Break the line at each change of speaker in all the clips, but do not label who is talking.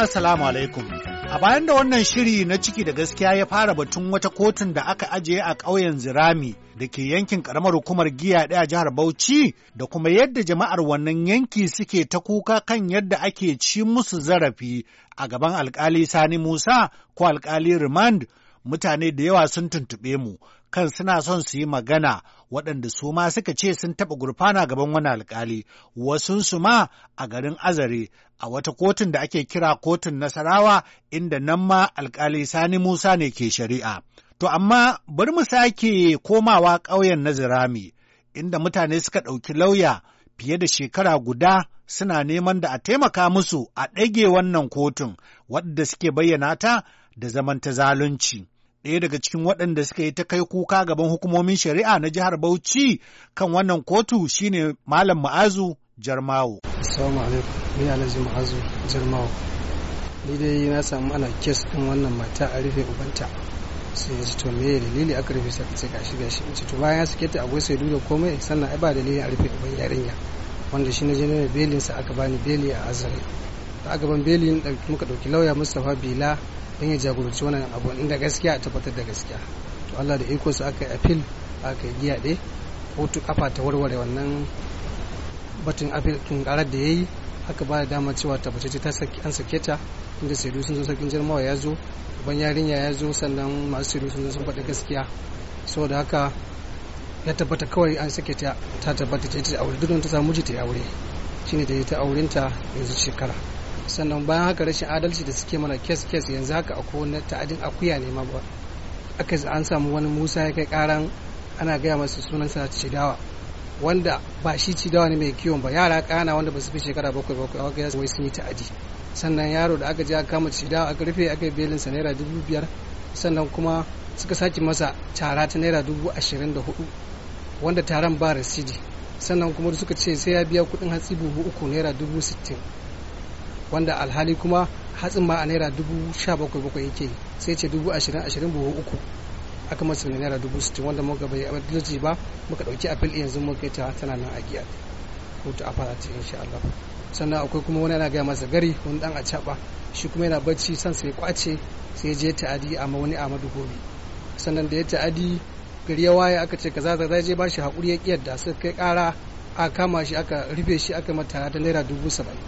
Assalamu alaikum. A bayan da wannan shiri na ciki da gaskiya ya fara batun wata kotun da aka ajiye a ƙauyen Zirami da ke yankin ƙaramar hukumar giya ɗaya jihar Bauchi da kuma yadda jama'ar wannan yanki suke ta kuka kan yadda ake ci musu zarafi a gaban alkali Sani Musa ko Alƙali Rimand mutane da yawa sun tuntuɓe mu kan suna son su yi magana waɗanda su ma suka ce sun taɓa gurfana gaban wani alkali wasunsu ma a garin azare a wata kotun da ake kira kotun nasarawa inda nan ma alkali sani musa ne ke shari'a to amma bari mu sake komawa ƙauyen na zirami inda mutane suka ɗauki lauya fiye da shekara guda suna neman da a taimaka musu a ɗage wannan kotun wadda suke bayyana ta da zaman ta zalunci. ɗaya daga cikin waɗanda suka yi ta kai kuka gaban hukumomin shari'a na jihar Bauchi kan wannan kotu shine
Malam Ma'azu Jarmawo. Assalamu alaikum, ni Alhaji Ma'azu Jarmawo. Ni dai na samu ana kes ɗin wannan mata a rufe ubanta. Sai ya to me dalili aka rufe sai ce gashi gashi. Ce to bayan suke ta akwai sai da komai sannan ai ba dalili a rufe uban yarinya. Wanda shi na je na belin sa aka bani beli a azare. Da aka ban belin muka ɗauki lauya Mustapha Bila don ya jagoranci wannan abu inda gaskiya a tabbatar da gaskiya to Allah da iko su aka yi appeal aka yi giya ɗe kotu kafa ta warware wannan batun appeal tun karar da yayi aka ba da damar cewa tabbatar ta saki an sake ta inda sai sun zo sarkin jirmawa ya zo ban yarinya ya zo sannan masu sai sun zo sun faɗi gaskiya saboda haka ya tabbata kawai an sake ta ta tabbata ce ta aure duk ta samu ji ta yi aure shine da ta aurenta yanzu shekara sannan bayan haka rashin adalci da suke mana kes kes yanzu haka a kowane ta'adin akuya ne ma ba aka yi an samu wani musa ya kai karan ana gaya masa sunan sa cidawa wanda ba shi cidawa ne mai kiwon ba yara kana wanda ba su fi shekara bakwai bakwai aka yasa wai sun yi ta'adi sannan yaro da aka je aka kama cidawa aka rufe aka yi belin sa naira dubu biyar sannan kuma suka sake masa tara ta naira dubu ashirin da hudu wanda taron ba rasidi sannan kuma suka ce sai ya biya kudin hatsi buhu uku naira dubu sittin wanda alhali kuma hatsin ma a naira dubu sha bakwai bakwai yake sai ce dubu ashirin ashirin buhu uku aka masu mai naira dubu sittin wanda muka bai a diloji ba muka ɗauki apil yanzu muka ta tana nan a giya kotu a fara ta insha Allah sannan akwai kuma wani yana gaya masa gari wani dan a caɓa shi kuma yana bacci san sai kwace sai je adi a wani amadu gobe sannan da ya adi gari ya waye aka ce kaza kaza je bashi hakuri ya kiyar da suka kai kara a kama shi aka rufe shi aka mata da naira dubu saba'in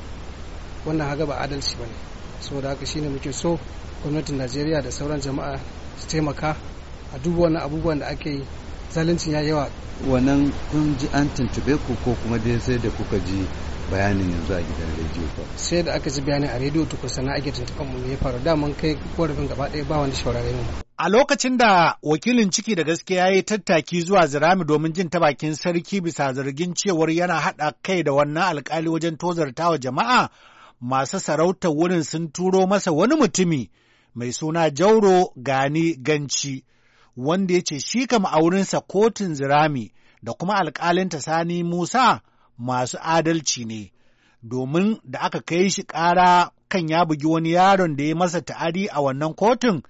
wannan haga ba adalci ba ne saboda haka shine muke so gwamnatin najeriya da sauran jama'a su taimaka a duba wannan abubuwan da ake yi zaluncin ya yawa wannan kun ji an tuntube ku ko kuma dai sai da kuka ji bayanin yanzu a gidan rediyo ba sai da aka ji bayanin a rediyo tukun sana ake tuntuban mu ya faru da mun kai korafin gaba ɗaya ba wani shauraren mu a lokacin da
wakilin ciki da gaskiya ya yi tattaki zuwa zirami domin jin ta bakin sarki bisa zargin cewar yana haɗa kai da wannan alkali wajen tozartawa jama'a masu sarauta wurin sun turo masa wani mutumi mai suna Jauro Gani Ganci, wanda ya ce shi kam aurinsa kotun zirami da kuma alkalinta Sani Musa masu adalci ne, domin da aka kai shi ƙara kan ya bugi wani yaron da ya masa ta'adi a wannan kotun,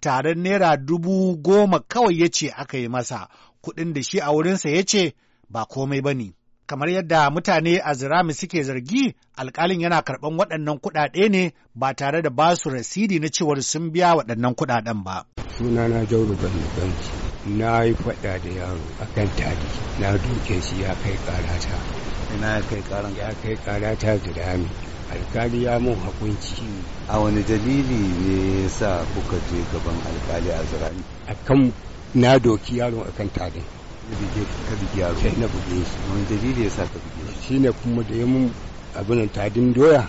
taron naira dubu goma kawai ya ce aka yi masa, kuɗin da shi a wurinsa ya ce ba komai ba ne. kamar yadda mutane a zirami suke zargi alkalin yana karɓan waɗannan kuɗaɗe ne ba tare da ba su rasidi na cewar sun biya waɗannan kuɗaɗen ba. Suna jauro bello banki na yi faɗa da yaro a kan tari na duke shi ya kai karata ina ya kai karan ya kai karata zirami alkali ya mun hakunci a wani dalili ne ya sa kuka je gaban alkali a zirami kan na doki yaron kan tari. ka buge yaro sai na buge shi wani dalili ya sa ka buge shi shine kuma da ya mun abin tadin doya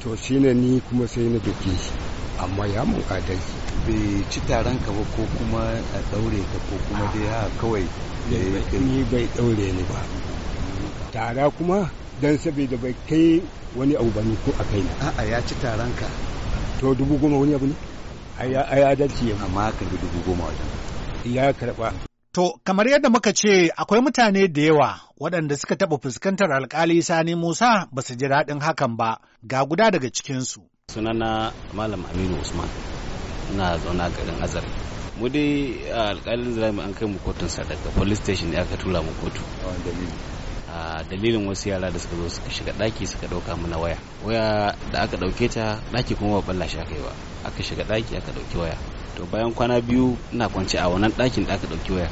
to shine ni kuma sai na buge shi amma ya mun adalci bai ci taron ka ba ko kuma a daure ka ko kuma dai ha kawai ni bai daure ni ba tara kuma dan saboda bai kai wani abu bane ko a kai na a ya ci taron ka to dubu goma wani abu ne ai adalci ya amma ka dubu goma wajen ya karba To, kamar yadda muka ce, akwai mutane da yawa waɗanda suka taɓa fuskantar alkali Sani Musa ba su ji daɗin hakan ba, ga guda daga cikinsu.
Sunana Malam Aminu Usman, na zauna garin Azar. Mu dai alkalin zirami an kai mu kotun sadaka, police station ne aka tura mu kotu. a dalilin wasu yara da suka zo suka shiga ɗaki suka ɗauka mana waya waya da aka ɗauke ta ɗaki kuma ba balla shi aka yi ba aka shiga ɗaki aka ɗauki waya to bayan kwana biyu ina kwance a wannan ɗakin da aka ɗauki waya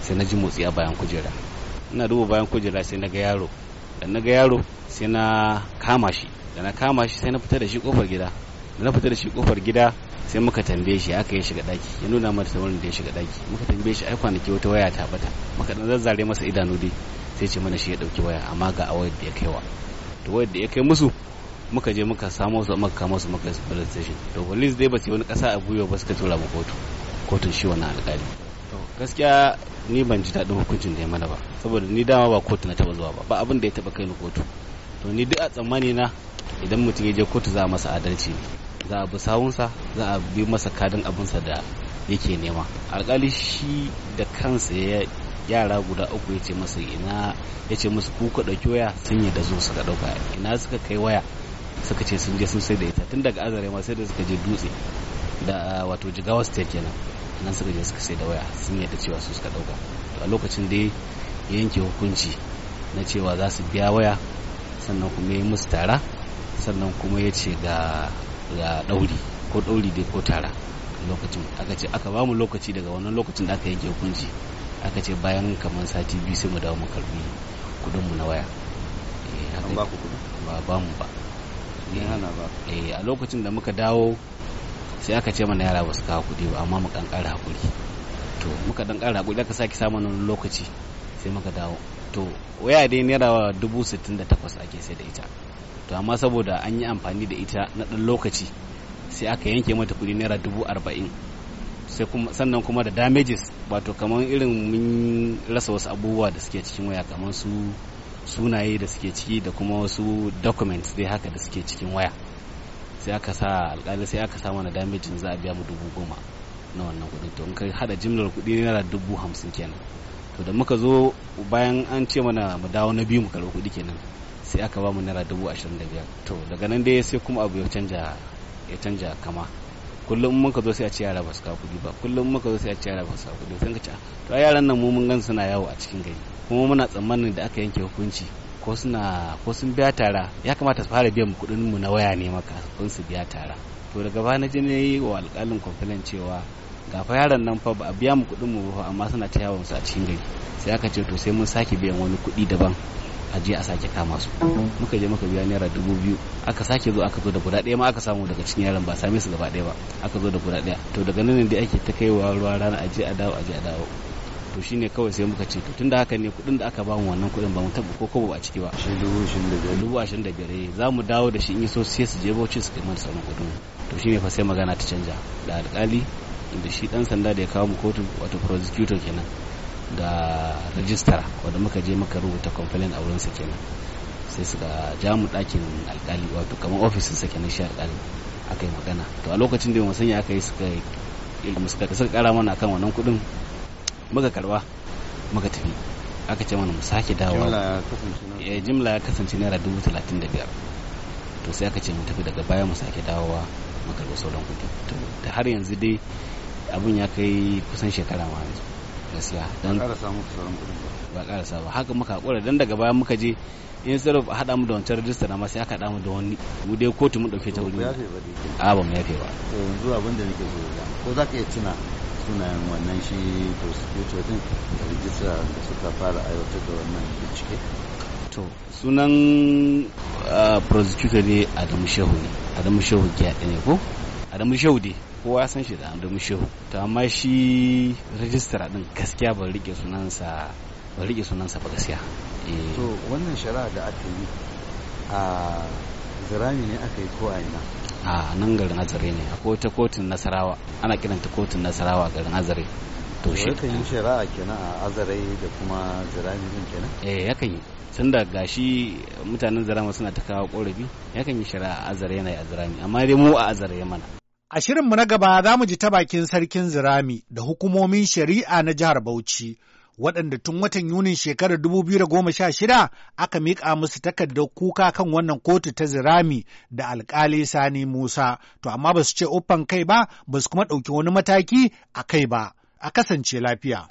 sai na ji motsi a bayan kujera ina duba bayan kujera sai na ga yaro da na ga yaro sai na kama shi da na kama shi sai na fita da shi kofar gida da na fita da shi kofar gida sai muka tambaye shi aka yi shiga daki ya nuna mata ta wurin da ya shiga daki muka tambaye shi ai kwanaki wata waya ta bata muka dan zazzare masa idanu dai sai ce mana shi ya dauki waya amma ga wayar da ya kaiwa to wayar da ya kai musu muka je muka samo su muka kama su muka station to police dai ba ce wani kasa a gwiwa ba suka tura ba kotu kotun shi wannan alƙali to gaskiya ni ban ji daɗin hukuncin da ya mana ba saboda ni dama ba kotu na taɓa zuwa ba ba abin ya taɓa kai ni kotu to ni duk a tsammani na idan mutum ya je kotu za a masa adalci za a bi sawunsa za a bi masa kadin abinsa da yake nema alkali shi da kansa ya yara guda uku ya ce masa ina ya ce musu kuka ɗauki sun yi da zo suka ɗauka ina suka kai waya suka ce sun je sun sai da ita tun daga azare ma sai da suka je dutse da uh, wato jigawa state kenan nan suka je suka sai da waya sun yadda cewa su suka dauka to a lokacin da yanke hukunci na cewa za su biya waya sannan kuma ya yi musu tara sannan kuma ya ce ga dauri ko dauri dai ko tara lokacin aka ce aka ba mu lokaci daga wannan lokacin da aka yanke hukunci aka ce bayan kamar sati biyu sai mu dawo mu karbi kudin mu na waya eh, ba ba mu ba bai hana ba eh, a lokacin da muka dawo sai aka ce mana yara basu kawo kuɗi ba amma mu kan hakuri to muka dan kara hakuri aka sake samun wani lokaci sai muka dawo to waya dai naira dubu sittin da takwas ake sai da ita to amma saboda an yi amfani da ita na dan lokaci sai aka yanke mata kuɗi naira dubu arba'in sannan kuma da damages wato kamar irin mun rasa wasu abubuwa da suke cikin waya kamar su sunaye da suke ciki da kuma wasu documents dai haka da suke cikin waya sai aka sa alƙali sai aka sa mana damage za a biya mu dubu goma na wannan kuɗin to in kai hada jimlar kuɗi na dubu hamsin kenan to da muka zo bayan an ce mana mu dawo na biyu mu karɓi kuɗi kenan sai aka ba mu naira dubu ashirin da biyar to daga nan dai sai kuma abu ya canja ya canja kama kullum mun ka zo sai a ce yara ba su kawo kuɗi ba kullum mun ka zo sai a ce yara ba su kawo kuɗi sai ka ce ah, to yaran nan mu mun gan suna yawo a cikin gari kuma muna tsammanin da aka yanke hukunci ko suna ko sun biya tara ya kamata su fara biyan kuɗin mu na waya ne maka kun su biya tara to daga baya na je ne wa alƙalin complain cewa ga fa yaron nan fa ba a biya mu kuɗin mu ba amma suna ta yawon su a cikin gari sai aka ce to sai mun sake biyan wani kuɗi daban a je a sake kama su muka je muka biya naira dubu biyu aka sake zo aka zo da guda ɗaya ma aka samu daga cikin yaron ba same su gaba ɗaya ba aka zo da guda ɗaya to daga nan ne dai ake ta kaiwa ruwa rana a je a dawo a je a dawo to shine kawai sai muka ce to tunda haka ne kuɗin da aka ba mu wannan kuɗin ba mu taɓa ko kobo a ciki ba shi dubu ashirin da biyar dubu ashirin da biyar eh, za mu dawo da shi in so sai su je bauchi su kai sauran kudin to shine fa sai magana ta canja da alƙali da shi dan sanda da ya kawo mu kotu wato prosecutor kenan da rajistara wanda muka je muka rubuta complaint a wurinsa kenan sai suka ja mu ɗakin alkali wato kamar sa kenan shi alkali aka yi magana to a lokacin da mu sanya aka yi suka suka kara mana akan wannan kuɗin muka karba muka tafi aka ce mana mu sake ya eh, jimla ya kasance naira dubu talatin da biyar to sai aka ce mu tafi daga baya mu sake dawowa mu karbi sauran kuɗi to da har yanzu dai abun ya kai kusan shekara ma yanzu gaskiya don ba mu sauran kuɗin ba ba ƙarasa ba haka muka hakura dan daga baya muka je in sai a haɗa mu da wancan rajista na ma sai aka haɗa mu da wani mu dai kotu mu ɗauke ta wuri a ba mu yafe ba yanzu abin da nake so ko za ka iya tuna sunayen wannan shi prosecutor din da rijista da suka fara aiwatar da wannan bincike to sunan prosecutor ne adamu shehu ne adamu shehu giya ne ko adamu shehu dai kowa san shi da adamu shehu to amma shi rijistra din gaskiya ba rike sunansa ba rike sunansa ba gaskiya eh. to wannan shari'a da aka yi a zirani ne aka yi ko a ina a nan garin azare ne a ta kotun nasarawa ana kiranta kotun nasarawa garin azare to shi yakan yi shari'a kenan a azare da kuma zirami din kenan eh yakan yi tun da gashi mutanen zirama suna ta kawo korafi yakan yi shari'a a azare yana a zirami amma dai mu a azare mana
a shirinmu na gaba za mu ji ta bakin sarkin zirami da hukumomin shari'a na jihar Bauchi waɗanda tun watan Yunin shekarar shida, aka miƙa musu takardar kuka kan wannan kotu ta zirami da alƙali Sani Musa, to amma ba su ce uffan kai ba, ba su kuma ɗauki wani mataki a kai ba, a kasance lafiya.